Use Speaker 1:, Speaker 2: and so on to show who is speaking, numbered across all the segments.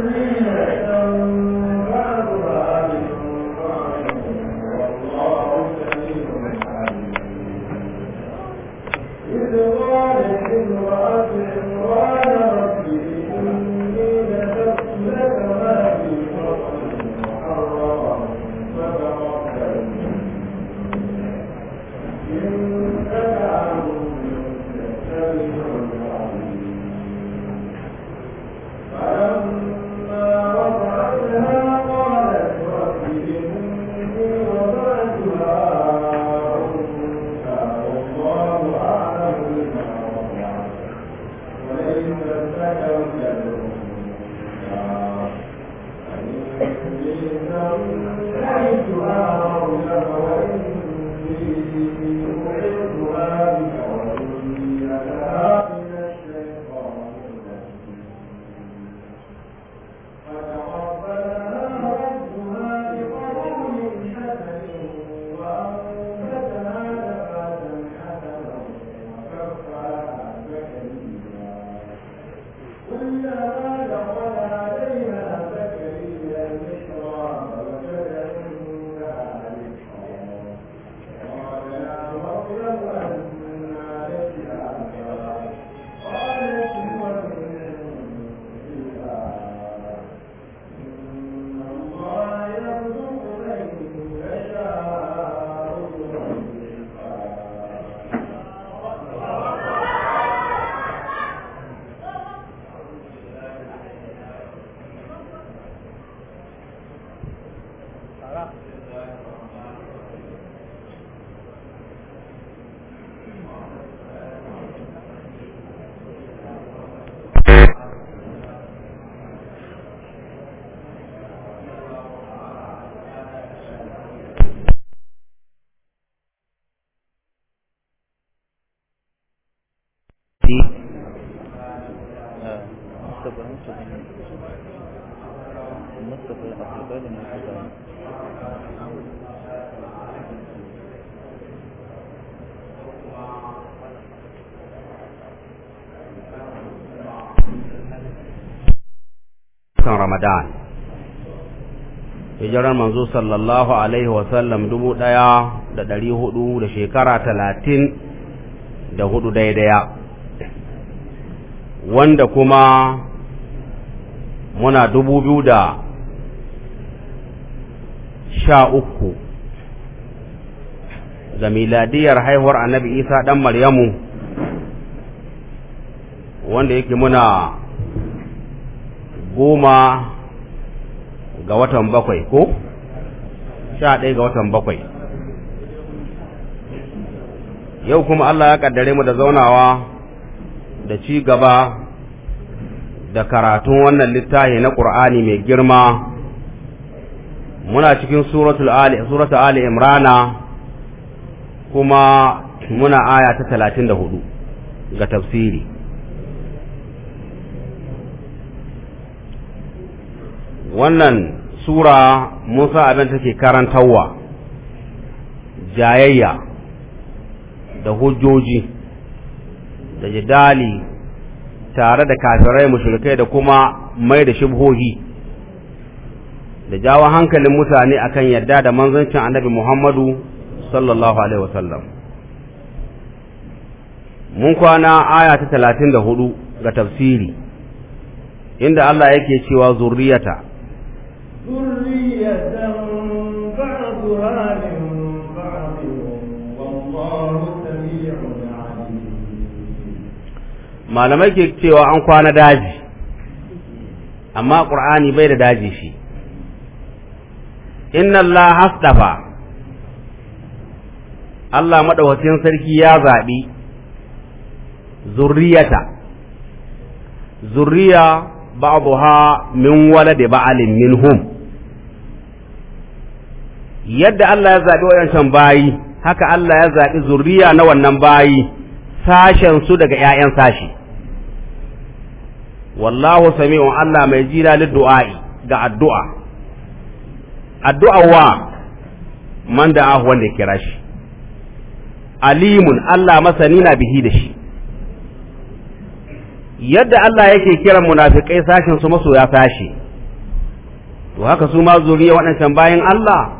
Speaker 1: Amen.
Speaker 2: ramadan hijirar manzo sallallahu alaihi wasallam dubu ɗaya da ɗari hudu da shekara talatin da hudu daidaya wanda kuma muna dubu biyu da sha uku ga miladiyar haihuwar annabi isa dan maryamu wanda yake muna goma ga watan bakwai ko sha ɗaya ga watan bakwai yau kuma Allah ya kaddare mu da zaunawa da ci gaba da karatun wannan littafi na Qur'ani mai girma muna cikin suratul ali suratul imrana kuma muna aya ta talatin da 34 ga tafsiri wannan sura musa abin take karantarwa jayayya da hujjoji da jidali tare da kafirai mushrikai da kuma mai da shubhohi da jawo hankalin mutane akan yadda da manzancin annabi muhammadu sallallahu alaihi wasallam mun kwana aya ta talatin da hudu ga tafsiri inda Allah yake cewa zurriyata malamai ke cewa an kwana daji amma ƙur'ani bai da daji shi inna Allah hastafa Allah maɗaukacin sarki ya zaɓi zurriyata zurriya ba'daha min da ba'alin minhum yadda Allah ya zaɓi wayancan bayi haka Allah ya zaɓi zuriya na wannan bayi sashen su daga 'ya'yan sashi wallahu sami'un Allah mai jira liddu'a'i ga addu'a addu'a wa man da ahu wanda kira shi alimun Allah masani na bihi da shi yadda Allah yake kiran munafikai sashen su masoya sashi to haka su ma zuriya waɗancan bayan Allah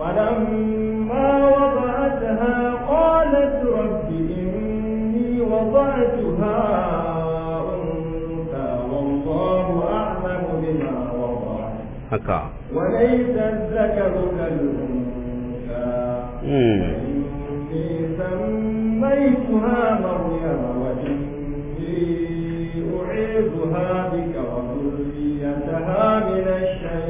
Speaker 1: فلما وضعتها قالت رب إني وضعتها أنثى والله أعلم بما وضعت وليس الذكر كالأنثى وإني سميتها مريم وإني أعيذها بك وذريتها من الشيطان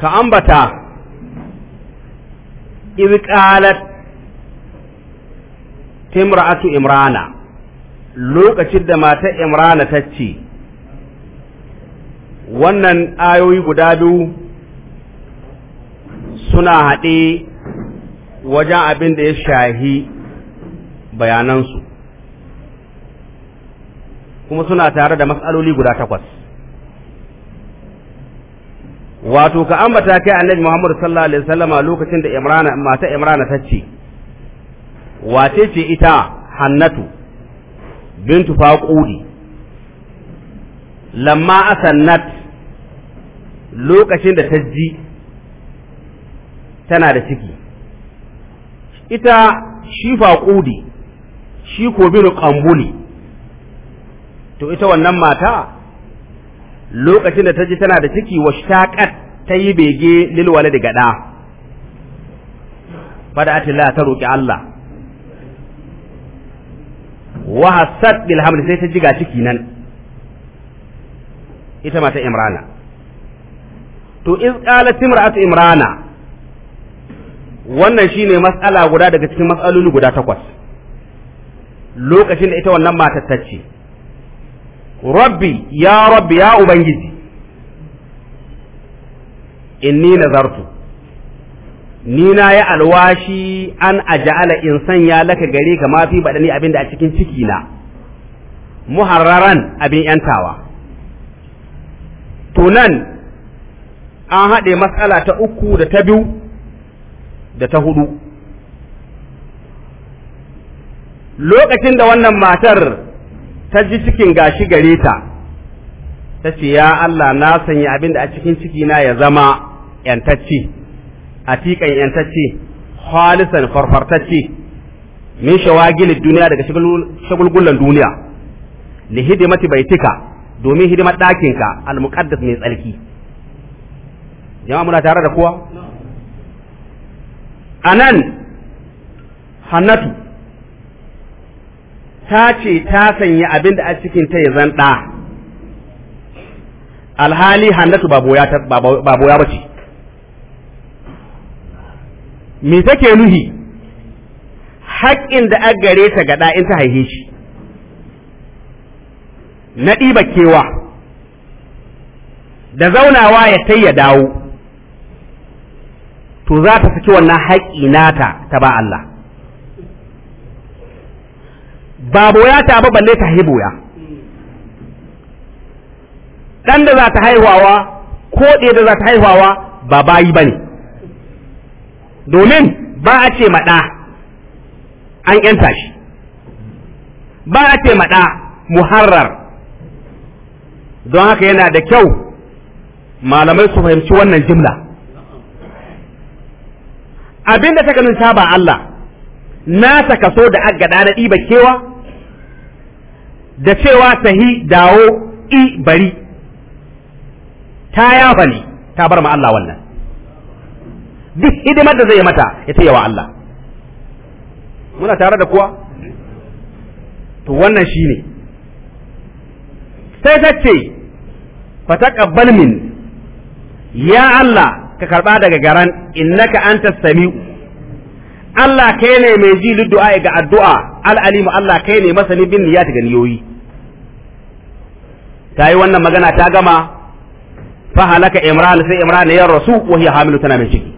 Speaker 2: ka ambata irƙalat timra'atu imrana lokacin da matar imrana ta ce wannan ayoyi guda biyu suna haɗe wajen abin da ya shahi bayanansu kuma suna tare da matsaloli guda takwas wato ka ambata kai annabi Muhammad sallallahu alaihi wasallama lokacin da Imrana mata Imrana ta ce wace ce ita Hannatu bintu Faqudi lamma asannat lokacin da ta ji tana da ciki ita shi Faqudi shi ko bin Qambuli to ita wannan mata lokacin da ta ji tana da ciki wa shaqat ta yi bege lil da gada fada atilla ta roki Allah wa hasad bil hamd sai ta ji ga ciki nan ita mata imrana to iz qalat imra'atu imrana wannan shine mas'ala guda daga cikin mas'aloli guda takwas lokacin da ita wannan matar ta ce rabbi ya rabbi ya ubangiji inni nazartu ni na ya alwashi an aja'ala in sanya laka gare ka ma fi badani abin da a cikin ciki na muharraran abin yantawa to nan an haɗe matsala ta uku da ta biyu da ta hudu lokacin da wannan matar ta ji cikin gashi gare ta ta ce ya Allah na sanya abin da a cikin ciki na ya zama yantacce atikan yantacce halisan farfartacce min shawagil duniya daga shagulgullan duniya li hidimati baitika domin hidimar ɗakinka ka mai tsarki jama'a muna tare da kowa anan hannatu ta ce ta sanya abin da a cikin ta ya zan alhali hannatu ba boya ba ce me take nuhi haƙƙin da a gare ta gada in ta haihe shi na ɗiba kewa da zaunawa ya ta ya dawo to za ta saki wannan haƙƙi nata ta ba Allah ba ya ta ba balle ta haihu ya dan da za ta haihuwa ko ɗaya da za ta haihuwa ba bayi bane domin ba a ce maɗa an yanta shi ba a ce maɗa muharrar don haka yana da kyau malamai su fahimci wannan jimla abin da ta ganin saba Allah na saka so da agada na ɗiba kewa da cewa sahi, dawo i bari ta ya bali ta bar ma Allah wannan duk hidimar da zai mata ya ce wa Allah muna tare da kuwa to wannan shine sai ta ce fataqabbal min ya Allah ka karba daga garan innaka antas samiu Allah kai ne mai ji liddu'a ga addu'a al'alimu Allah kai ne masani bin niyati ga niyoyi ta yi wannan magana ta gama fa halaka imran sai imran ya rasu wa hiya hamilu tana mai ciki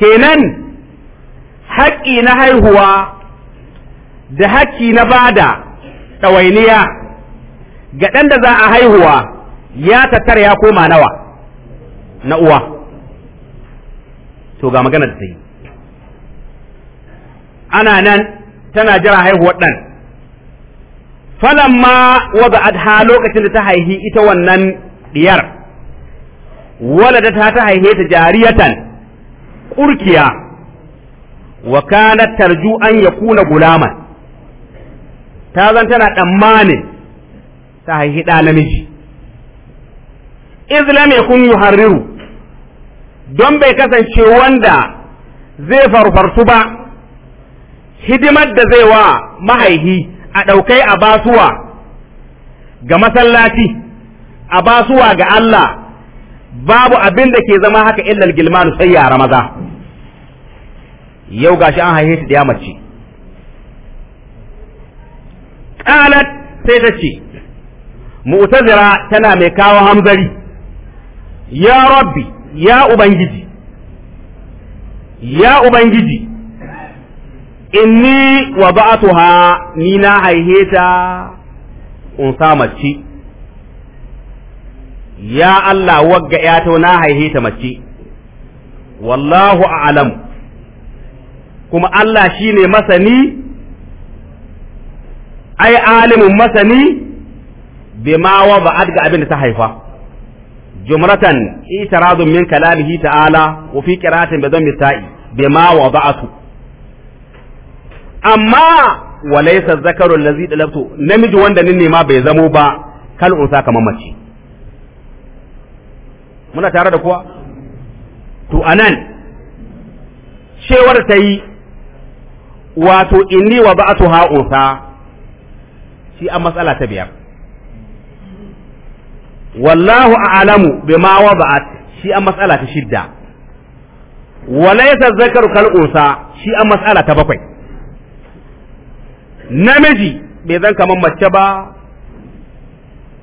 Speaker 2: kenan haƙƙi na haihuwa da haƙƙi na bada ɗawainiya ga ɗan da za a haihuwa ya tattara ya koma nawa na uwa to ga magana da ta yi ana nan tana jira haihuwar ɗan ma waga adha lokacin da ta haihi ita wannan diyar walada ta ta haihe ta jariyatan ƙurkiya wa kanat tarju an yakuna gulaman ta zan tana tsammanin ta haihi ɗa namiji izlam yakun yuharriru don bai kasance wanda zai farfarsu ba hidimar da zai wa mahaihi a ɗaukai a basuwa ga masallaci a basuwa ga Allah babu abin da ke zama haka illal gilmanu sai yara maza yau gashi an haihe shi da mace qalat sai ta ce mu'tazira tana mai kawo hamzari ya rabbi ya ubangiji ya ubangiji inni wa ba'atuha ni na haihe ta in sa mace ya Allah wagga yato na haihe ta mace wallahu a'lam kuma Allah shine masani ai alimin masani ma wa ba'ad ga abin da ta haifa jumratan itirazun min kalamihi ta'ala wa fi qira'atin bi dhammi ta'i ma wa ba'atu amma walaysa zakaru allazi dalabtu namiji wanda nin nema bai zamo ba kal unsa kamar mace muna tare da kuwa to anan cewar ta yi wato inni wa ba'atu ha unsa shi a matsala ta biyar wallahu a'lamu bima wada'at shi a matsala ta shidda walaysa zakaru kal unsa shi a matsala ta bakwai namiji bai zan kamar mace ba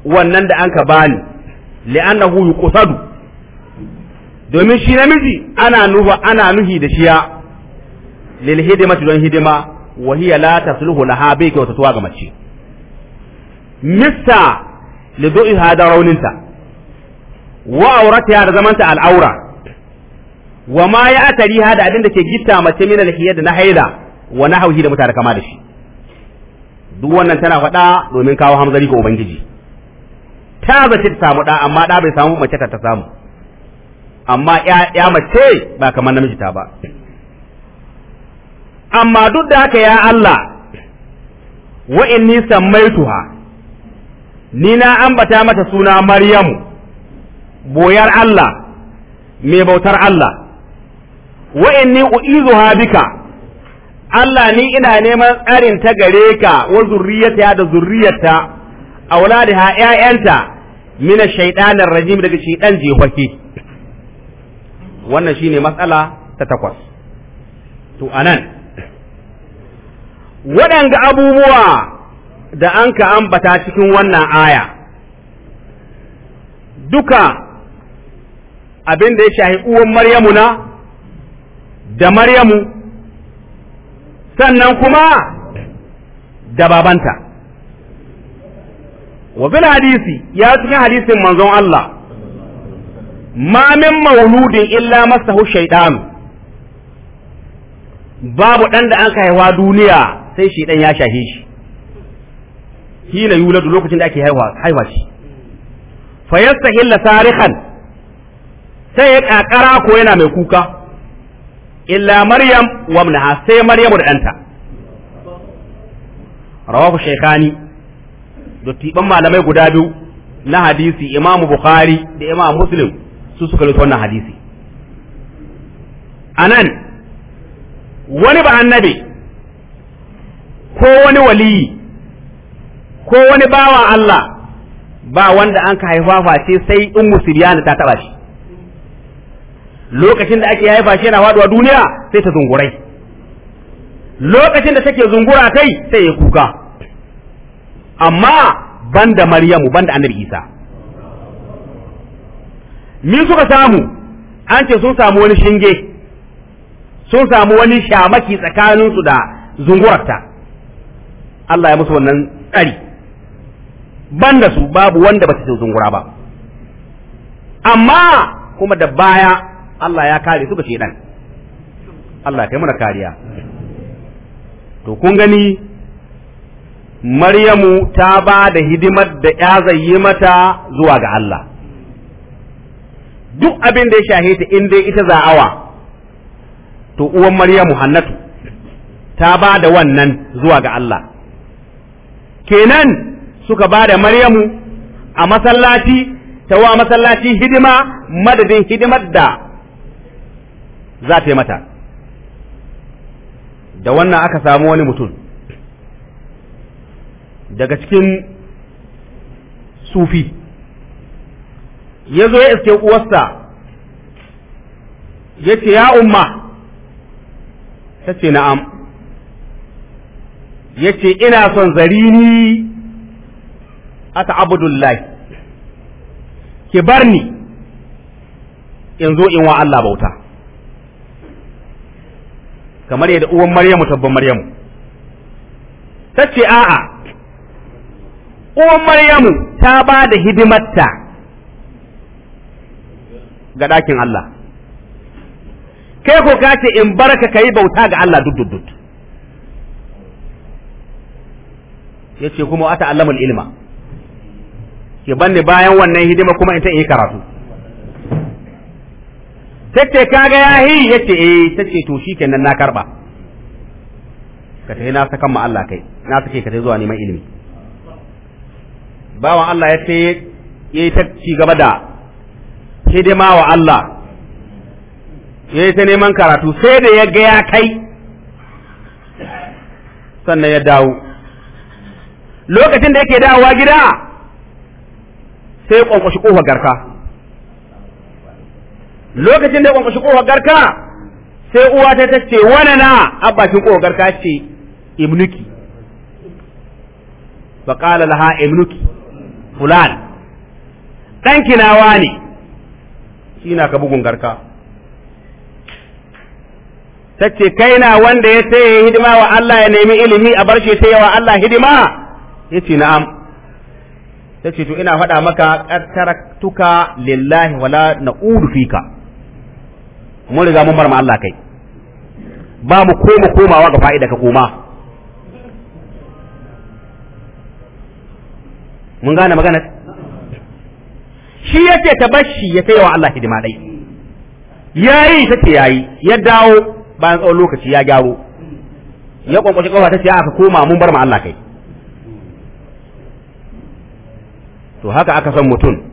Speaker 2: wannan da an ka bani li'annahu yuqsadu domin shi namiji ana nufa ana nuhi da shiya lil hidimati don hidima wa hiya la tasluhu laha bai tuwa ga mace mista lidu'i hada rauninta wa auratiha da zamanta al'aura wa ma ya atari hada abin da ke gitta mace min alhiyya da na haida wa nahawhi da mutare kama da shi duk wannan tana faɗa domin kawo hamzari ga ubangiji ta zace ta samu ɗa amma ɗa bai samu mace ta samu amma ya mace ba kamar namiji ta ba amma duk da haka ya Allah wa inni sammaituha ni na ambata mata suna Maryam, boyar Allah mai bautar Allah wa inni u'izuha bika Allah ni ina neman tsarin ta gare ka wa zurriyata da zurriyata wula da 'ya'yanta mina shaiɗanar rajim daga shaytan jehwake wannan shi ne matsala ta takwas to anan waɗanga abubuwa da an ka ambata cikin wannan aya duka abin da ya shahi uwan Maryamu na da Maryamu sannan kuma da babanta wa bil hadisi ya cikin hadisin manzon Allah ma min mauludin illa masahu shaytan babu dan da an haihuwa duniya sai shaytan ya shahe shi hila yuladu lokacin da ake haihuwa haihuwa shi fa yastahilla sarihan sai ya ko yana mai kuka illa maryam wa ibnaha sai maryamu da ɗanta rawahu shaykhani tiban malamai guda biyu na hadisi imam bukhari da imam muslim su suka rubuta wannan hadisi anan wani ba annabi ko wani waliyi ko wani bawa Allah ba wanda an ka haifafa ce sai in musuliyana ta taba shi lokacin da ake haifa shi yana faduwa duniya sai ta zungurai lokacin da take zungura tai sai ya kuka amma banda maryamu banda annabi isa ni suka samu an ce sun samu wani shinge sun samu wani shamaki tsakaninsu da zungurarta Allah ya musu wannan tsari banda su babu wanda ba ta zungura ba amma kuma da baya Allah ya kare su ga shedan Allah kai mana kariya to kun gani Maryamu ta ba da hidimar da ya zayye mata zuwa ga Allah duk abin da ya shahe ta in dai ita za'awa to uwan Maryamu Hannatu ta ba da wannan zuwa ga Allah kenan suka ba da Maryamu a masallaci ta wa masallaci hidima madadin hidimar da za ta yi mata da wannan aka samu wani mutum daga cikin sufi ya zo ya iske uwarsa ya ce ya umma ta ce na'am ya ce ina son zarini ata ta'abudullahi ki barni, ni in zo in wa Allah bauta kamar yadda uwan maryamu tabban maryamu ta ce a'a uwan maryamu ta ba da hidimarta ga ɗakin Allah kai ko ka ce in baraka ka yi bauta ga Allah dududud ya ce kuma ata allamul ilma ke banne bayan wannan hidima kuma in ta yi karatu tace kaga yahi yace eh tace to shikenan na karba ka tafi na sakan ma Allah kai na sake ka zuwa neman ilimi bawan Allah ya ce yayi ta ci gaba da hidima wa Allah yayi ta neman karatu sai da ya ga ya kai sannan ya dawo lokacin da yake dawowa gida sai ya kwankwashi kofar garka lokacin da ya kwankwashi kofar garka sai uwa ta tace wani na a bakin kofar garka ce ibnuki fa qala laha ibnuki fulan dan kinawa ne shi na ka bugun garka Ta ce kai na wanda ya yi hidima wa Allah ya nemi ilimi a bar shi ta yawa Allah hidima Ya ce na'am ta ce to ina faɗa maka ƙartaraktuka lillahi wala na'udu fika mun riga mun bar ma Allah kai ba mu koma komawa ga fa'ida ka koma mun gane magana shi yake ta bashi ya kai wa Allah hidima dai yayi ta ce yayi ya dawo bayan tsawon lokaci ya gyaro ya kwankwace kofa ta ce aka koma mun bar ma Allah kai to haka aka san mutum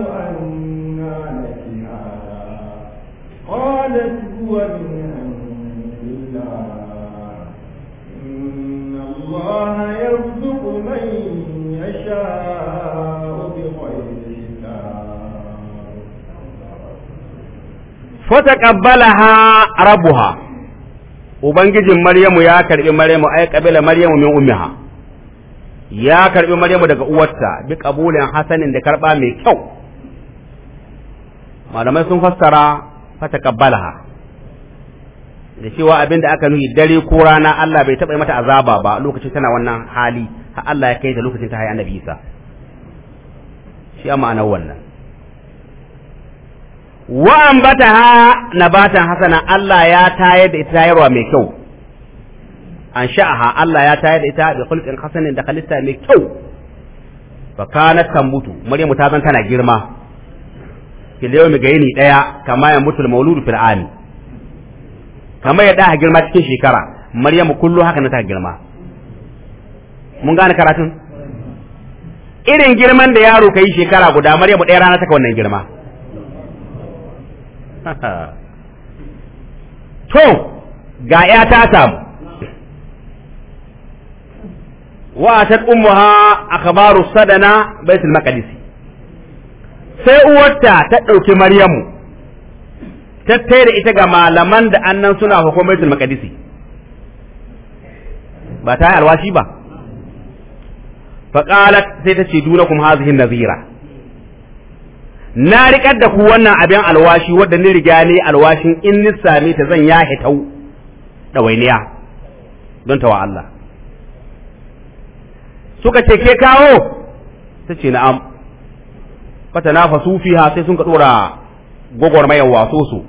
Speaker 1: يعلم أنا لك هذا قالت هو من عند الله إن الله يرزق من يشاء
Speaker 2: فتقبلها ربها Ubangijin Maryamu ya karɓi Maryamu ai ƙabila Maryamu min ummiha ya karɓi Maryamu daga uwarta bi ƙabulin hasanin da karɓa mai kyau malamai sun fassara kabbalaha da cewa abin da aka nuhi dare ko rana Allah bai taɓa mata azaba ba lokacin tana wannan hali ha Allah ya kai da lokacin ta hayi annabi Isa shi a ma'anar wannan wa ha nabatan hasana Allah ya tayar da ita tayarwa mai kyau an sha'aha Allah ya tayar da ita da khulqin hasanin da halitta mai kyau fa kanat tamutu maryamu ta zan tana girma fil yawmi ga daya kama ya mutul mauludu fil kama ya da girma cikin shekara maryamu kullu haka na ta girma mun gane karatun irin girman da yaro kai shekara guda maryamu ɗaya rana taka wannan girma to ga ya ta samu wa ta ummuha akhbaru sadana baitul maqdis sai uwarta ta ɗauki maryamu ta da ita ga malaman da annan suna hukumaitul makadisi ba ta alwashi ba faƙalat sai ta ce duna kuma hazihin nazira na riƙar da ku wannan abin alwashi wadda ni riga ne alwashin in ni same ta zan ya hitau ɗawainiya don tawa Allah suka ce ke kawo ta ce na'am fatanafasu fiha sai sun ka dora gogormayar waso su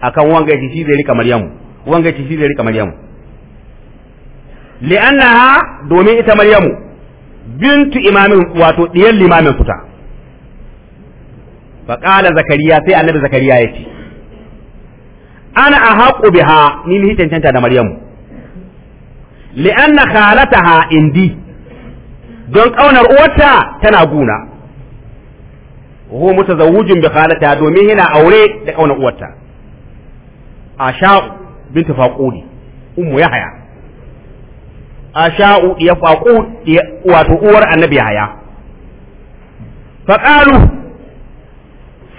Speaker 2: akan wanga yace shi zai rika maryamu wanga yace shi zai rika maryamu li'annaha domin ita maryamu bintu imamin wato diyan limamin kuta fa qala zakariya sai annabi zakariya yace ana ahaqu biha ni ni tantanta da maryamu li'anna khalataha indi don kaunar uwarta tana guna huwa mutazawwijun bi khalata domin yana aure da kauna uwarta asha'u bint faqudi ummu yahya asha'u ya faqud wato uwar annabi yahya faqalu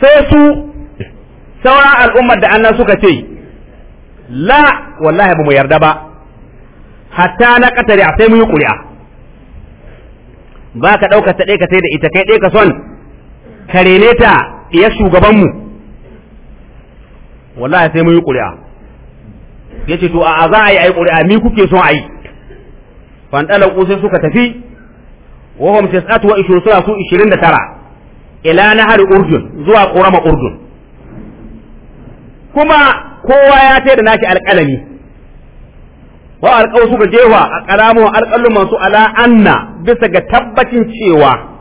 Speaker 2: sai su sauran al'ummar da annan suka ce la wallahi ba mu yarda ba hatta na katare sai mu yi ƙuri'a ba ka ɗaukar ɗaya ka sai da ita kai ɗaya ka son Kare rene ta ya shugabanmu wallahi sai mun yi ƙuri'a ya ce to a za a yi a yi ƙuri'a ni kuke son a yi fanɗalar sai suka tafi wahum tis'atu wa ishirin suna su ishirin da tara ila nahar urdun zuwa ƙorama urdun kuma kowa ya ce da naki alƙalami wa alƙawu suka jewa a ƙaramin alƙalluman su ala anna bisa ga tabbacin cewa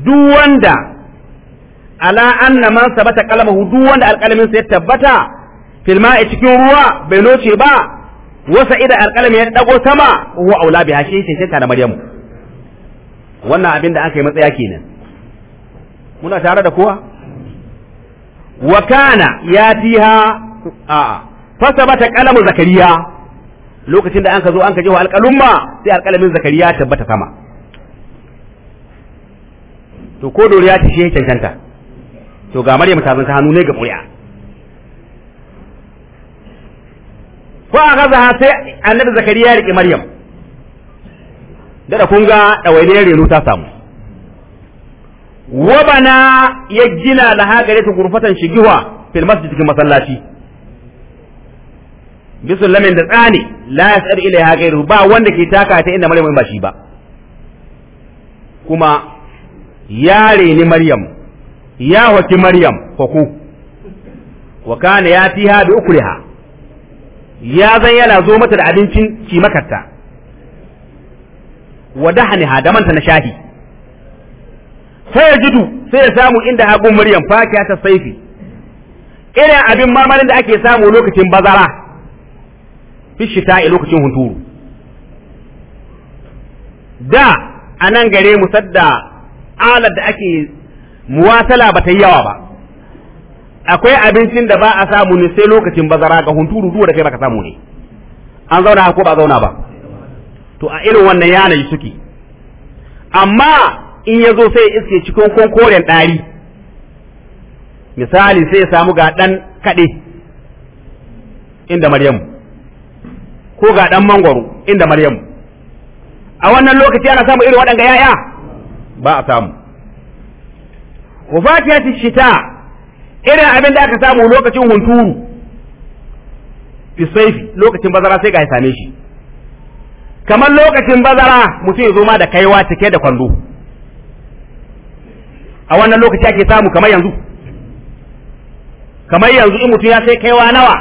Speaker 2: duk wanda ala anna man sabata qalamahu duk wanda alqalamin sa ya tabbata fil ma'i cikin ruwa bai noce ba wasa ida alqalamin ya dago sama huwa aula biha shi ce da maryamu wannan abin da aka yi matsaya kenan muna tare da kowa wa kana yatiha a fa sabata zakariya lokacin da an ka zo an ka wa alqalumma sai alqalamin zakariya tabbata sama to ko doriya ta shi cancanta to ga maryam ta zanta hannu ne ga murya, ko a gaza sai annabi zakariya ya rike maryam da kun ga ɗawainiyar reno ta samu wabana ya gina laha gare ta gurfatan shigiwa fil masjid cikin masallaci bisun lamin da tsani la yasar ilaiha gairu ba wanda ke taka ta inda maryam ba shi ba kuma Yare ni maryam ya waki maryam kwaku wa kana ya fiha bi ukriha ya zan yana zo mata da abincin cimakarta wa dahaniha da manta na shahi sai ya jidu sai ya samu inda hagun maryam fakiya ta saifi irin abin mamarin da ake samu lokacin bazara fi shita'i lokacin hunturu da a nan gare mu sadda alar da ake muwasala ba ta yi yawa ba akwai abincin da ba a samu ne sai lokacin bazara ga hunturu duwa da kai baka samu ne an zauna ko ba zauna ba to a irin wannan yanayi suke amma in ya zo sai iske cikin konkoren ɗari misali sai ya samu ga ɗan kaɗe inda maryamu ko ga ɗan mangwaro inda maryamu a wannan lokaci ana samu irin waɗanga ya'ya ba a samu wa fatiyati shita irin abin da aka samu lokacin hunturu fi saifi lokacin bazara sai ga ya same shi kamar lokacin bazara mutum ya zo ma da kaiwa cike da kwando a wannan lokaci ake samu kamar yanzu kamar yanzu in mutum ya sai kaiwa nawa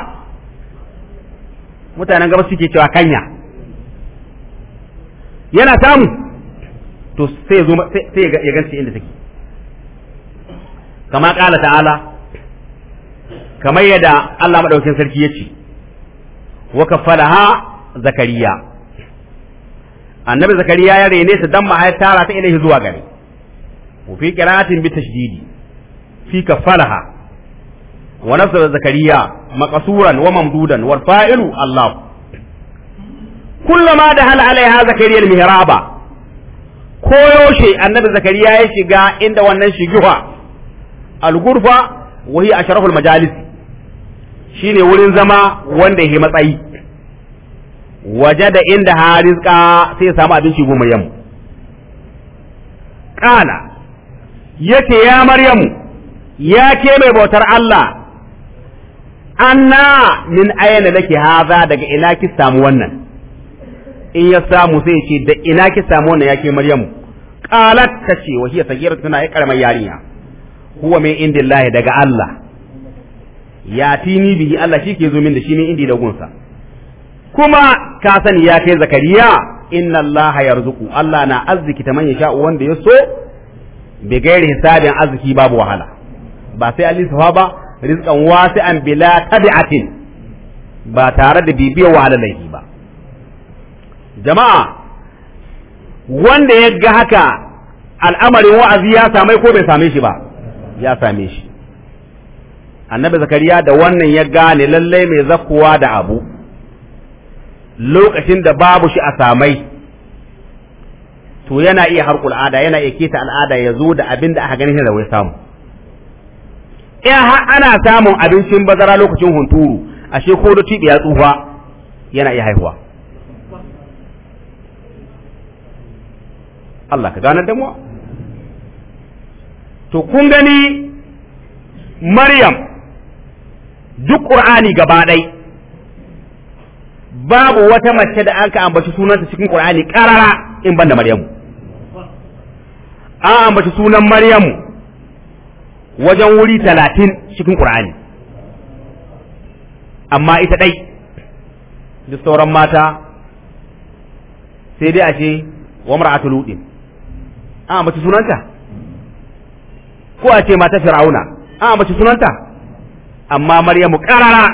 Speaker 2: mutanen gaba suke cewa kanya yana samu to sai ya zo sai ya ganta inda take kama kala ta'ala kamar yadda Allah madaukakin sarki ya ce. wa kafalaha zakariya annabi zakariya ya rene su dan mahaya tara ta ilahi zuwa gare wa fi qira'atin bi tashdidi fi kafalaha wa nasara zakariya makasuran wa mamdudan wal fa'ilu Allah kullama dahala alaiha zakariya al-mihraba Koyoshe annabi zakariya ya shiga inda wannan shigiwa al-gurfa a hiya asharaful majalis shine wurin zama wanda yake matsayi waje da inda harizka sai ya samu abinci goma yamu kala yace ya maryamu ya ke mai bautar Allah anna min ayyana laki haza daga ina ki samu wannan in ya samu sai ce da ina ki samu wannan ya ke maryamu qalat tace wa hiya sagira tana ya karamar yarinya huwa min indillahi daga Allah ya tini bihi Allah shi ke zo min da shi ne indi da gunsa kuma ka sani ya kai zakariya inna Allah yarzuku Allah na arziki ta manya yasha wanda ya so bi gairi hisabin arziki babu wahala ba sai an lissafa ba rizqan wasi'an bila tabi'atin ba tare da bibiyar wahalalai ba jama'a wanda ya ga haka al'amarin wa'azi ya same ko bai same shi ba ya same shi annabi zakariya da wannan ya gane lallai mai zakuwa da abu lokacin da babu shi a samai to yana iya harkul al'ada yana iya keta al'ada ya zo da abin da aka gani da wai samu in ana samun abincin bazara lokacin hunturu ashe ko da ya tsufa yana iya haihuwa Allah ka ganar da mu to kun gani Maryam duk Qur'ani gaba ɗai babu wata mace da aka ambaci sunanta cikin Qur'ani karara in banda Maryamu an ambaci sunan Maryamu wajen wuri talatin cikin Qur'ani amma ita ɗai duk sauran mata sai dai a ce wa mar'atul ludin a mace sunanta ko a ce mata fir'auna a mace sunanta amma maryamu karara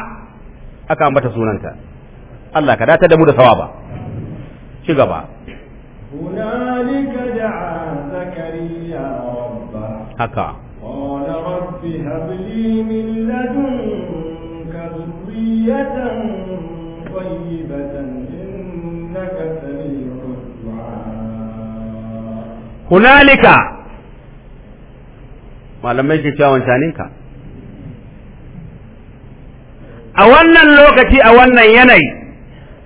Speaker 2: aka ambata sunanta Allah ka datar da mu da sawaba ci gaba
Speaker 1: hunalika
Speaker 2: haka hunalika malamai ke cewa wancaninka a wannan lokaci a wannan yanayi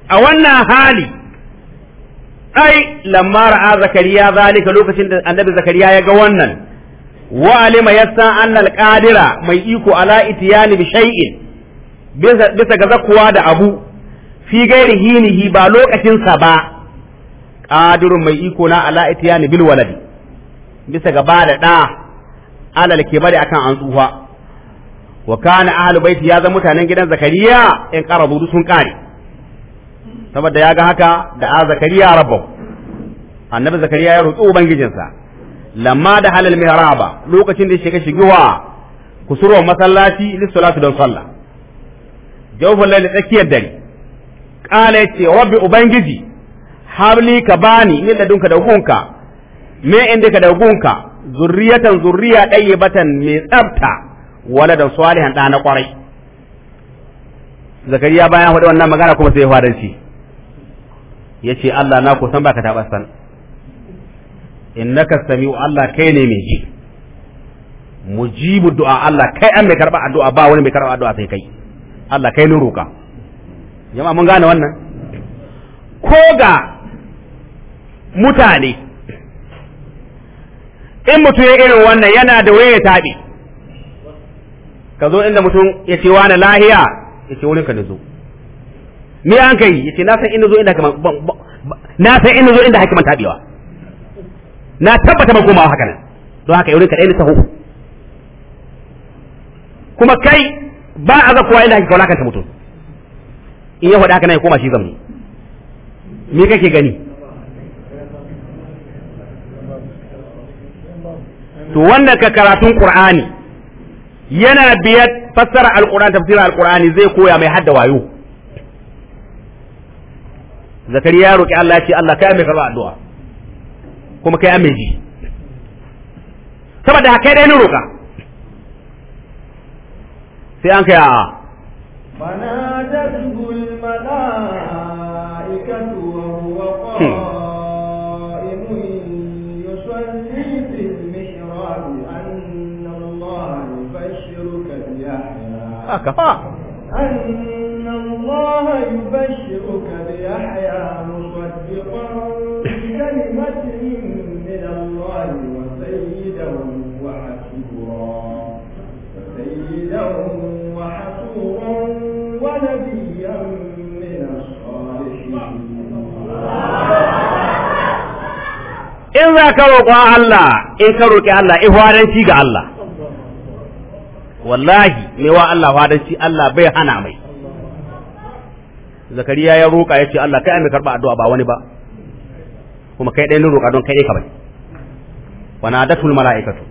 Speaker 2: a wannan hali ai lamma ra'a zakariya zalika lokacin da annabi zakariya ya ga wannan wa alima yasa annal qadira mai iko ala itiyani bi shay'in bisa ga zakuwa da abu fi gairi hinihi ba lokacin sa ba qadirun mai iko na ala itiyani bil waladi bisa gaba da da alal kibari akan an tsufa wa kana ahlu baiti ya zama mutanen gidan zakariya in qarabu sun kare saboda ya ga haka da a zakariya rabbahu annabi zakariya ya roƙi ubangijinsa lamma da halal mihraba lokacin da shiga shigiwa kusurwa masallaci lissalatu don sallah jawfin lalle tsakiyar dare kala ce, rabbi ubangiji habli ka bani min ladunka da hukunka me inda ka da hukunka zurriyatan zurriya dayyibatan mai tsafta da salihan dana na kwarai zakariya bayan faɗi wannan magana kuma sai ya shi yace Allah na kusan baka san innaka samiu Allah kai ne mai ji mujibu du'a Allah kai an mai karba addu'a ba wani mai karba addu'a sai kai Allah kai ne roka jama'a mun gane wannan ko ga mutane in mutum ya irin wannan yana da waya taɓi ka zo inda mutum ya ce wani lahiya ya ce wurinka na zo me an kai ya ce na san inda zo inda na san zo inda hakiman taɓewa na tabbata ba komawa haka nan don haka yurinka ɗaya na sahu kuma kai ba a zakuwa inda hakika ta mutum in yi faɗa haka nan ya koma shi zamu me kake gani to wanda ka karatun qur'ani yana biyar fassara alqur'ani tafsirin alqur'ani zai koya mai hadda wayo zakariya roki Allah ya ce Allah kai mai karba addu'a kuma kai mai ji saboda kai dai ni roka sai an kai a'a كفى آه.
Speaker 1: أن الله يبشرك بيحيى مصدقا بكلمة من الله وسيدا وحسورا وسيدا وحسورا ونبيا من الصالحين in za ka roƙon
Speaker 2: Allah in ka roƙi Allah ne wa Allah fadanci Allah bai hana mai zakariya ya roƙa ya ce Allah kai an karɓa addu'a ba wani ba kuma kai ɗaya ne roƙa don kai ɗaya ka bane wa nadatul mala'ikatu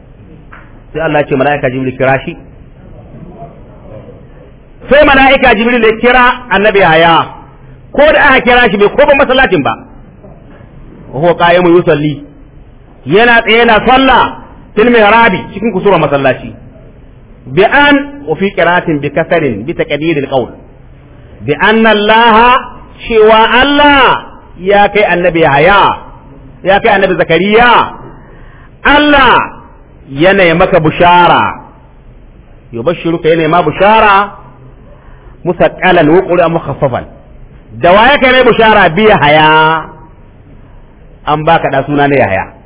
Speaker 2: sai Allah ya ce mala'ika jibril kira shi sai mala'ika jibril ya kira annabi haya ko da aka kira shi bai ko ba masallacin ba huwa qa'imu yusalli yana tsaye na sallah fil mihrabi cikin kusura masallaci بأن وفي قراءة بكسر بتقدير القول بأن الله شوى الله يا كي النبي يحيى يا كي النبي زكريا الله يني مك بشارة يبشرك يني ما بشارة مثقلا وقل مخففا دوايا كي بشارة بيحيى أم باك دا سنان يحيى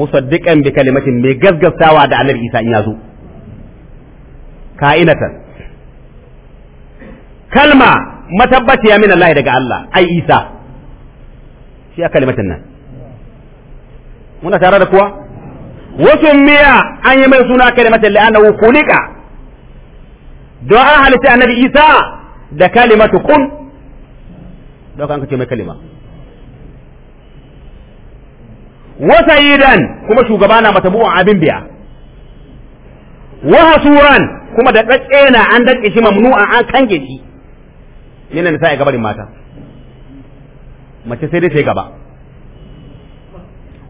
Speaker 2: musaddiqan bi kalimatin mai gaskatawa da annabi Isa in yazo ka'inatan kalma matabbaciya min Allah daga Allah ai Isa shi a kalimatin nan muna tare da kuwa wasu miya an yi mai suna kalimatin la'annahu kulika don an halitta annabi Isa da kalimatu kun don an ce mai kalima wa sayyidan kuma shugaba na mata matabu'un abin biya wa hasuran kuma da na an dake shi mamnu'an an kange shi yana da sai gabarin mata mace sai dai sai gaba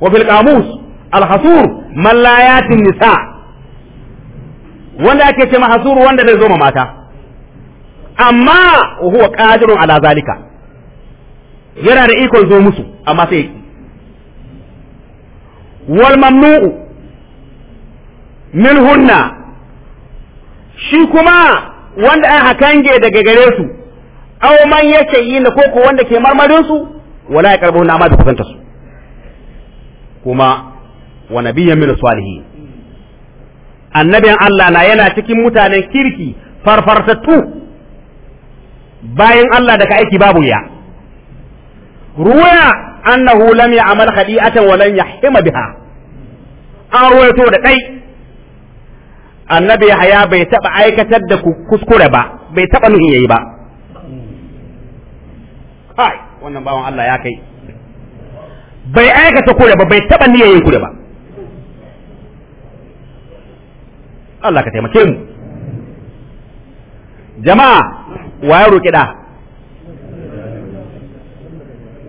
Speaker 2: wa fil qamus al hasur man la yatin nisa wanda ake ce mahasur wanda zai zo ma mata amma huwa qadirun ala zalika yana da ikon zo musu amma sai wal mamnu'u minhunna shi kuma wanda an hakange daga gare su aw man yake yi na koko wanda ke marmarin su wala ya karbo na ma da kusanta su kuma wa nabiyyan min salihin annabin Allah na yana cikin mutanen kirki farfartattu bayan Allah daga aiki babu ya ruwaya annahu lam ya'mal khadi'atan wa lam yahima biha an ruwaito da dai annabi haya bai taba aikatar da kuskure ba bai taba nuhi yayi ba kai wannan bawan Allah ya kai bai aikata kure ba bai taba niyyar yin kure ba Allah ka taimake mu jama'a wa ya roki da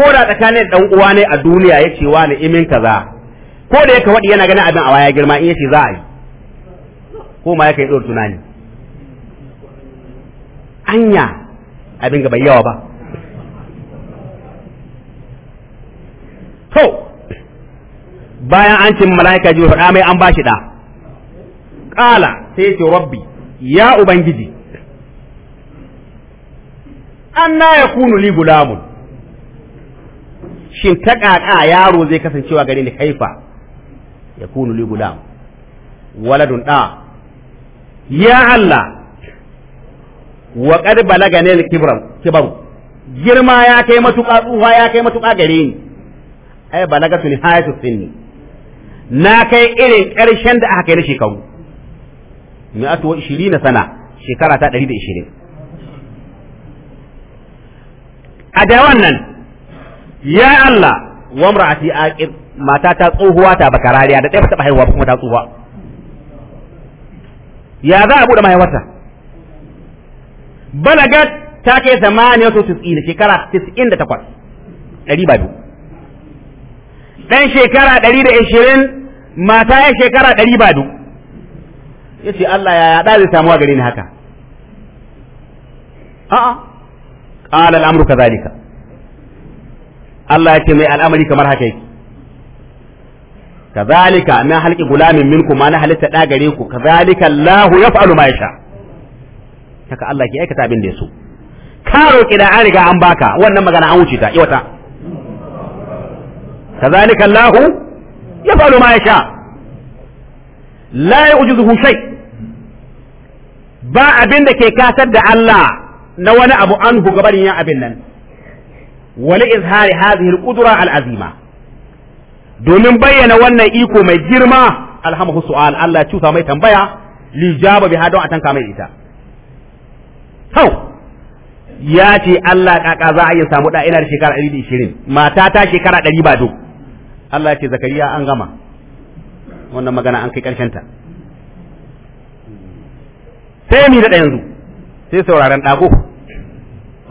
Speaker 2: ko da tsakanin dan uwa ne a duniya yace wani imin kaza ko da yake wadi yana ganin abin a waya girma in yace za a yi ko ma yake dor tunani anya abin ga bai yawa ba to bayan an cin mala'ika ji faɗa mai an ba shi ɗa ƙala sai ya ce rabbi ya ubangiji an na ya kunu li gulamun shin ta ƙaƙa yaro zai kasancewa gare ni kaifa ya kunu li gulam waladun ɗa ya Allah wa qad balaga ne kibram kibam girma ya kai matuƙa tsuwa ya kai matuƙa gare ni ai balaga tuni hayatu sinni na kai irin ƙarshen da aka kai na shekaru mi wa 20 sana shekara ta 120 da ishirin a da wannan ya Allah wa mar'ati aqir mata ta tsohuwa ta bakarariya da ɗaya ta taɓa haihuwa kuma ta tsohuwa ya za a buɗe mahaifarta balagat ta kai zamani wasu tis'in shekara tis'in da takwas ɗari ba biyu ɗan shekara ɗari da ashirin mata ya shekara ɗari ba biyu ya ce Allah ya yaɗa zai samuwa gare ni haka a'a ƙala al'amru zalika Allah ya ce mai al'amari kamar haka yake kazalika na halki gulamin minku ma na halitta da gare ku kazalika Allah yaf'alu ma haka Allah ke aikata abin da ya so ka da an riga an baka wannan magana an wuce ta kazalika ma ba abin da ke kasar da Allah na wani abu an gabarin yin abin nan Wani izhari hadhihi al-qudra al domin bayyana wannan iko mai girma alhamahu su'al Allah cusa mai tambaya lijaba jaba biha don atanka mai ita hau ya ce Allah kaka za a yi samu da ina da ishirin mata ta shekara ɗari ba duk Allah ce zakariya an gama wannan magana an kai ƙarshen ta sai mi da yanzu sai sauraren ɗago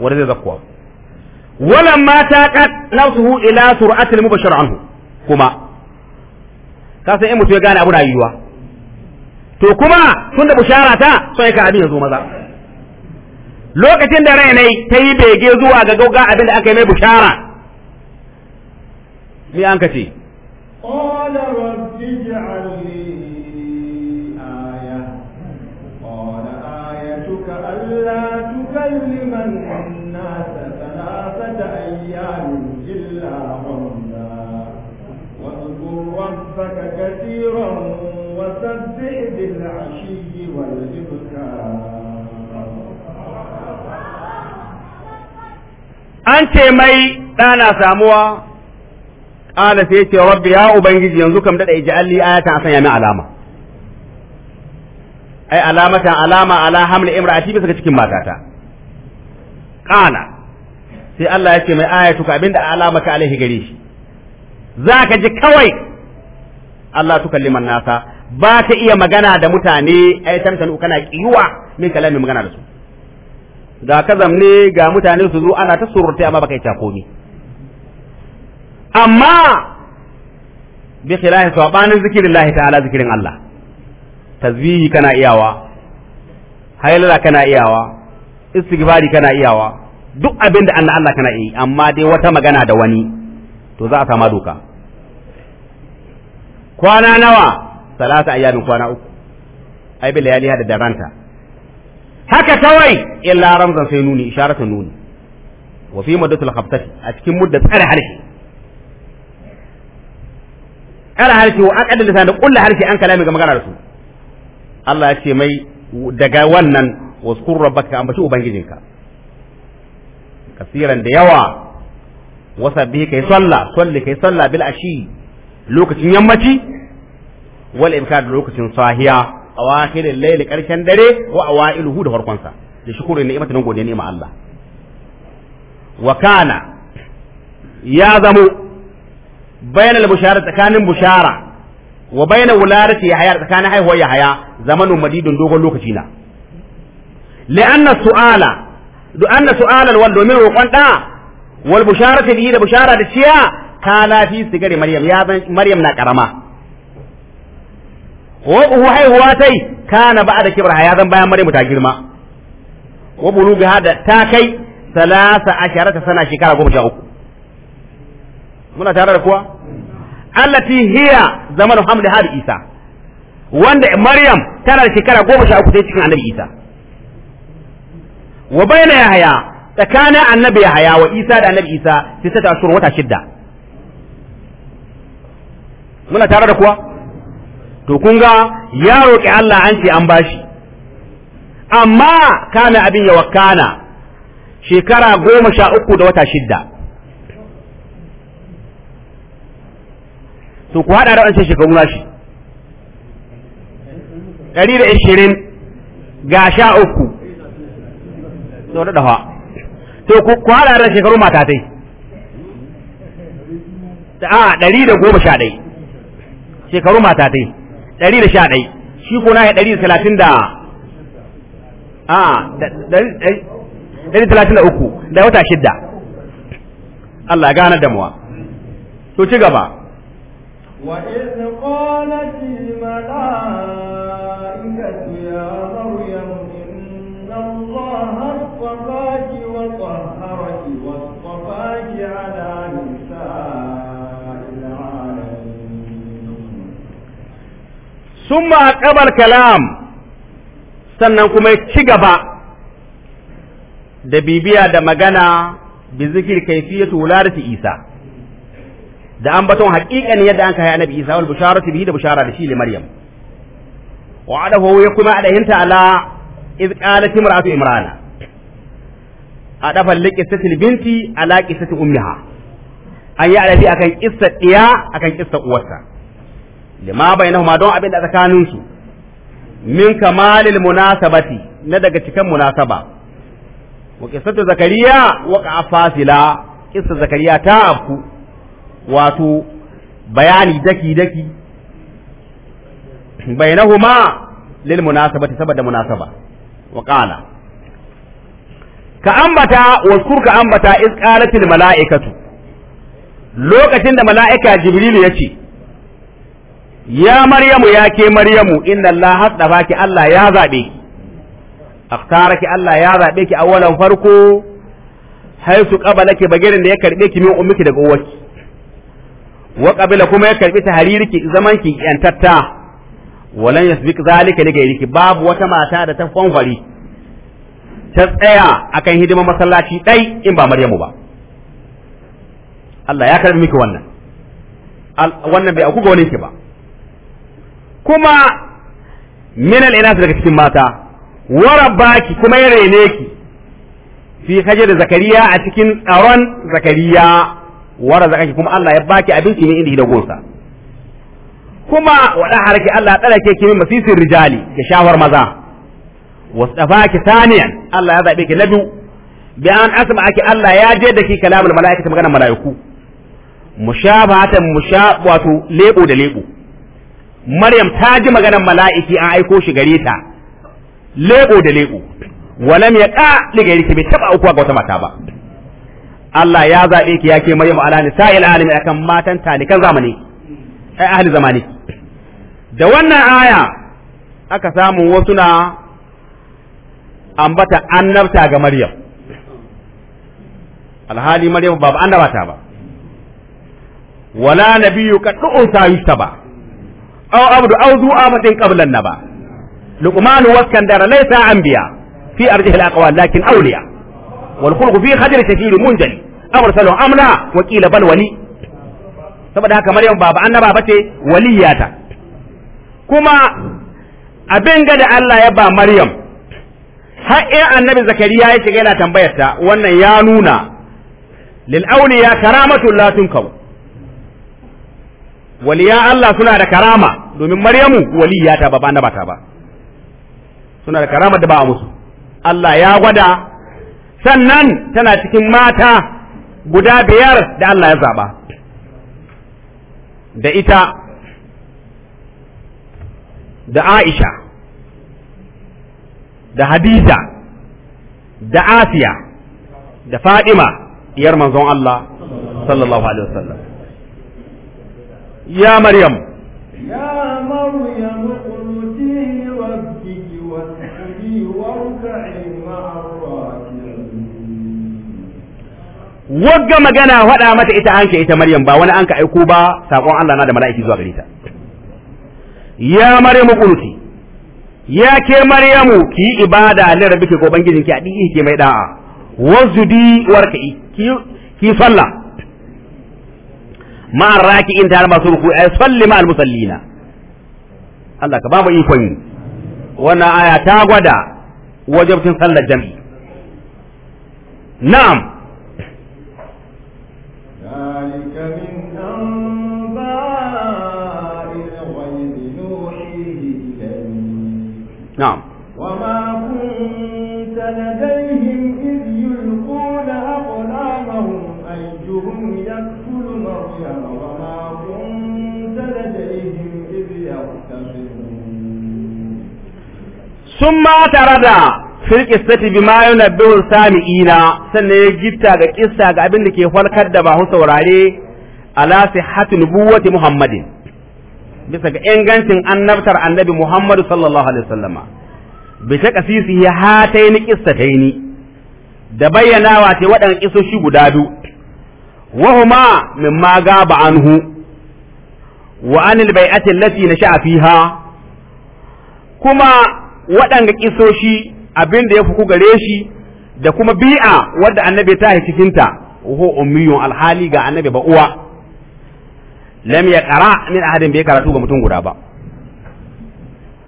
Speaker 2: wanda zai zakkuwa wala ma taqat nafsuhu ila sur'atil mubashir anhu kuma ka san in mutu ya gane abu yiwa to kuma tun da bushara ta sai ka abin ya zo maza lokacin da rai nai ta yi bege zuwa ga gauga abin da aka yi mai bushara me an
Speaker 1: ربك كثيرا وسبح بالعشي والإبكار
Speaker 2: an ce mai ɗana samuwa ƙala sai ce rabbi ya ubangiji yanzu kam daɗa iji alli ayatan sanya min alama ai alama alamatan alama ala hamla imra'ati bisa cikin matata ƙala sai Allah ya ce mai ayatuka alama ka alaihi gare shi za ka ji kawai Allah tukalliman nasa ba ta iya magana da mutane ai tamtanu kana kiyuwa min kalami magana da su ga kazam ne ga mutane su zo ana ta surutai amma baka yi komi amma bi khilafi sabanin zikirin ta'ala zikirin Allah tazbihi kana iyawa haylala kana iyawa istighfari kana iyawa duk abin da Allah kana yi amma dai wata magana da wani to za a sama doka kwana nawa salasa ayyamin kwana uku ai bi layaliha da daranta haka kawai illa ramzan sai nuni isharatu nuni wa fi muddatul khaftati a cikin mudda tsare harshe tsare harshe wa aqadda lisan da kullu harshe an kalami ga maganar su Allah ya ce mai daga wannan waskur rabbaka ambaci ubangijinka kasiran da yawa wasa bihi kai sallah salli kai sallah bil ashi lokacin yammaci wal imkar da lokacin sahiya a awakhiril laili karshen dare ko a wa awailuhu da farkon sa da shukuru ni'imata nan godiya ni'ima Allah wa kana ya zamo bayan bushara tsakanin bushara wa bayan wularati ya haya tsakanin haihuwar ya haya zamanin madidin dogon lokaci na li'anna su'ala du'anna su'alan wal domin roƙon da wal bushara ta biyi da bushara da ciya kana fi sigari maryam ya zan maryam na karama wa uhu haihuwa tai kana ba da kibra ya zan bayan maryam ta girma wa buluga hada ta kai salasa asharata sana shekara goma sha uku muna tare da kuwa allati hiya zamanu hamdi har isa wanda maryam tana da shekara goma sha uku sai cikin annabi isa wa bayna yahya tsakanin annabi yahya wa isa da annabi isa sai ta tashur wata shidda muna tare da kuwa to kun ga ya roƙi Allah an ce an bashi amma kana abin ya wakana shekara goma sha uku da wata shidda to ku haɗa da wancan shekaru shi ɗari da ishirin ga sha uku to da dafa to ku haɗa da shekaru matatai a ɗari da goma sha ɗai shekaru mata dai ɗari da sha ɗai shi ko na ya ɗari da talatin da a ɗari talatin da uku da wata shidda Allah gane damuwa to ci gaba
Speaker 1: idh qalat
Speaker 2: summa aqabal kalam sannan kuma ya ci gaba da bibiya da magana bi zikir kayfiyatu wuladati Isa da ambaton haƙiƙan yadda an kai annabi Isa wal bisharatu bihi da Bushara da shi li Maryam wa adahu ya kuma adahinta ala iz qalat imra'atu imrana adafa liqisati binti ala qisati ummiha an yi alabi akan qissat iya akan qissat uwarta lima bainahuma don abin da tsakanin su min kamalil munasabati na daga cikan munasaba wa qissatu zakariya wa qafasila qissa zakariya ta afku wato bayani daki daki bainahuma lil munasabati saboda munasaba wa qala ka ambata wa ka ambata iz qalatil mala'ikatu lokacin da mala'ika jibril ya ce ya maryamu ya ke maryamu inna Allah hasdafa ki Allah ya zabe akhtara ki Allah ya zabe ki awalan farko haisu qabala ki bagirin da ya karbe ki min ummiki daga uwarki wa qabila kuma ya ta haririki zaman ki yantatta walan yasbiq zalika li gairiki babu wata mata da ta fanfari ta tsaya akan hidimar masallaci dai in ba maryamu ba Allah ya karɓi miki wannan wannan bai aku ga wani ki ba kuma minal ina daga cikin mata baki kuma ya rene ki fi kaje da zakariya a cikin tsaron zakariya wara zakaki kuma Allah ya baki abinci ne inda gonsa kuma wada harki Allah ya ke kimin min masisin rijali ga shawar maza wasdafaki saniyan Allah ya zabe ki na biyu bi an asma'aki Allah ya je da ki kalamul mala'ikatu maganar mala'iku mushabahatan mushabatu lebo da lebo maryam ta ji maganar mala'iki an aiko shi gare ta lebo da lebo walam ya ka liga yake bai taba uku ga wata mata ba Allah ya zabe ki yake maryam ala nisa'il alamin akan matan kan zamani ai ahli zamani da wannan aya aka samu wasu na ambata annabta ga maryam alhali maryam ba annabata ba wala nabiyyu kad du'un ta ba أو عبد أو ذو آمة قبل النبا لقمان واسكندر ليس أنبياء في أرجه الأقوال لكن أولياء والخلق في خدر شفير منجلي أرسلوا أمنا وكيل بل ولي saboda haka Maryam baba annaba bace waliyata kuma abin ga da Allah ya ba Maryam har in annabi Zakariya ya shiga yana tambayar ta wannan ya nuna lil awliya karamatun la tunkaw waliya Allah suna da karama domin maryamu waliyyata ba ba na bata ba suna da karamar da ba a musu Allah ya gwada sannan tana cikin mata guda biyar da Allah ya zaba da ita da Aisha da Hadiza da Asiya da Fadima Yar manzon Allah sallallahu alaihi wasallam ya Maryam
Speaker 1: يا مريم اقنتي لربك واسجدي واركعي مع
Speaker 2: wagga magana faɗa mata ita hanke ita Maryam ba wani an ka aiko ba sakon Allah na da mala'iki zuwa gare ta ya Maryamu qunuti ya ke Maryamu ki yi ibada ne rabbike ko bangijinki a dike mai da'a wazudi warka'i ki ki sallah ma in ta masu ruku ay salli ma al-musallina Allah ka ba mu ikon wannan aya ta gwada wajibcin sallar jami'i na'am نعم sun ma tare da fil qissati bima yunabbihu sami'ina sannan ya ga kissa ga abin da ke falkar da masu saurare ala sihhati nubuwati muhammadin bisa ga ingancin annabtar annabi muhammadu sallallahu alaihi wasallama bi ta kasisi ya hataini ni. da bayyanawa ce waɗannan shi guda biyu wahuma mimma gaba anhu wa anil na allati nasha'a fiha kuma waɗanga kisoshi abin da ya fuku gare shi da kuma bi'a wadda annabi ta yi cikinta ho ummiyun alhali ga annabi ba uwa lam ya qara min ahadin bai karatu ga mutum guda ba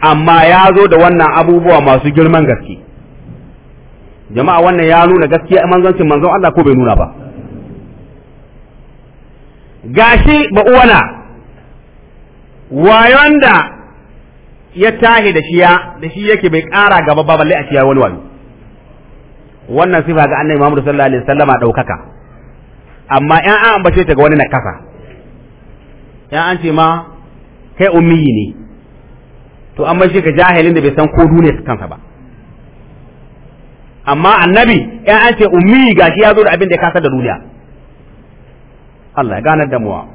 Speaker 2: amma ya zo da wannan abubuwa masu girman gaske jama'a wannan ya nuna gaskiya manzancin manzon Allah ko bai nuna ba gashi ba uwana wayon da ya tahi da shiya da shi yake bai ƙara gaba ba balle a shiya wani wani wannan sifa ga annabi Muhammad sallallahu alaihi a daukaka amma ƴan an ambace ta ga wani na kasa ƴan an ce ma kai ummi ne to amma shi ka jahilin da bai san ko duniya kansa ba amma annabi ƴan an ce ummiyi gashi ya zo da abin da ya kasa da duniya Allah ya ganar da muwa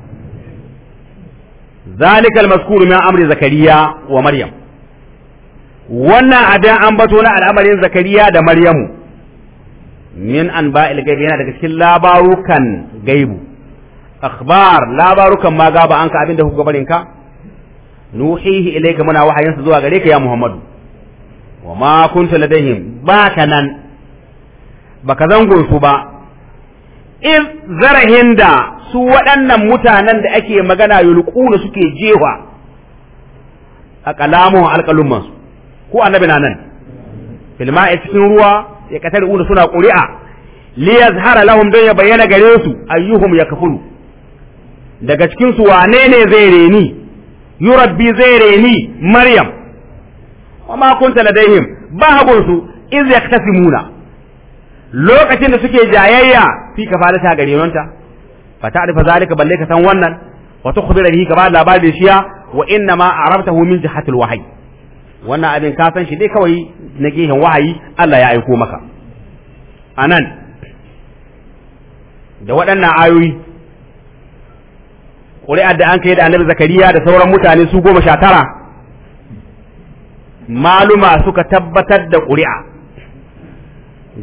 Speaker 2: ذلك المذكور amri Zakariya wa Maryam wannan adan an bato na al'amarin zakariya da maryamu min an ba yana daga cikin labarukan gaibu akhbar labarukan ma gaba an ka abinda kuka barinka ka nuhihi ilayka muna wahayin su zuwa gare ka ya muhammadu wa ma kunta ladaihim baka nan baka zango su ba iz Zarahinda. da su waɗannan mutanen da ake magana yulquna suke jewa a kalamu alqalumman ko annabi na nan filma a cikin ruwa ya katar una suna ƙuri'a, li yazhara lahum dan ya bayyana gare su ayyuhum yakfuru daga cikin su wane ne zai reni yurabbi zai reni maryam wa ma kunta ladaihim bahabun su iz yaktasimuna lokacin da suke jayayya fi kafalata gare yonta fa ta'rifa zalika balle ka san wannan wa tukhbira bihi ka ba labarin shiya wa inna ma arabtahu min jihatil wahyi wannan abin ka san shi dai kawai na gehen wahayi Allah ya aiko maka anan da waɗannan ayoyi ƙuri'ar da an kai da annabi zakariya da sauran mutane su goma sha tara maluma suka tabbatar da ƙuri'a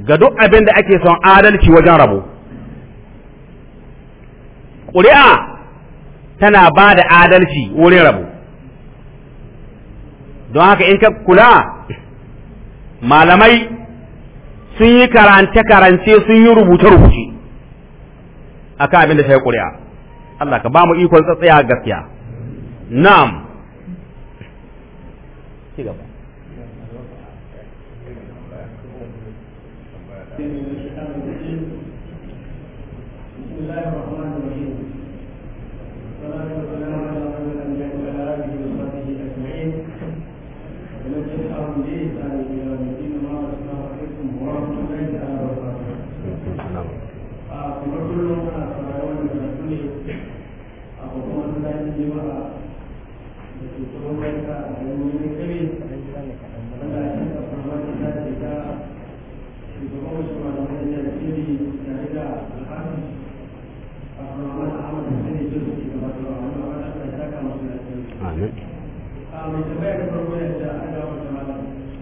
Speaker 2: ga duk abin da ake son adalci wajen rabo ƙuri'a tana ba da adalci wurin rabu don haka in ka kula malamai sun yi karance-karance sun yi rubuce-rubuce a kan abin da shi ƙuri'a Allah ka ba mu ikon tsatsaya gaskiya na'am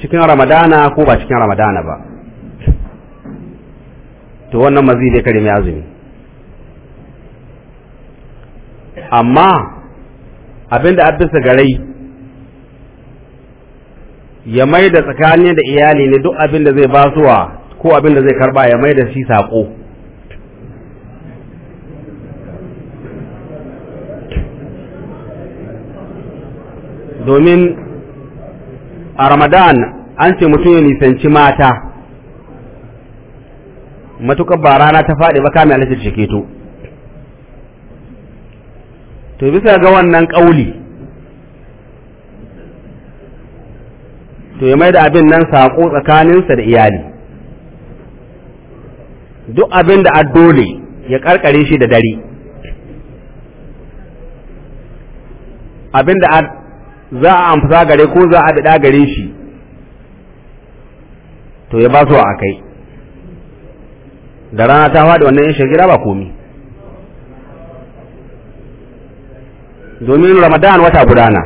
Speaker 2: cikin ramadana ko ba cikin ramadana ba to wannan mazi bai kare mai azumi amma abinda abisa garai ya mai da tsakanin da iyali ne duk abin da zai basuwa ko abinda zai karba ya mai da shi saƙo domin a ramadan an ce mutum ya nisanci mata matukar ba rana ta faɗi ba kame alaƙar shi keto to bisa ga wannan ƙauli to ya mai da abin nan saƙo tsakaninsa da iyali duk abin da dole ya ƙarƙare shi da dare abin da za a amfasa gare ko za a daɗa gare shi to ya ba su a kai da rana ta faɗi wannan yin shagira ba komi domin ramadan wata gudana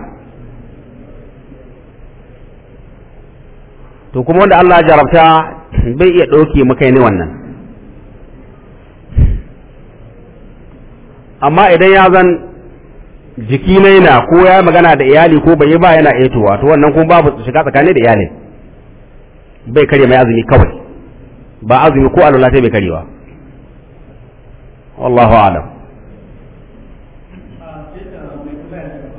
Speaker 2: to kuma wanda Allah jarabta bai iya ɗauke maka ne wannan amma idan ya zan jiki na yana ko ya magana da iyali ko bai ba yana etowa to wannan kuma babu shiga tsakani da iyali. bai kare mai azumi kawai ba azumi ko alwala sai bai karewa wallahu a'lam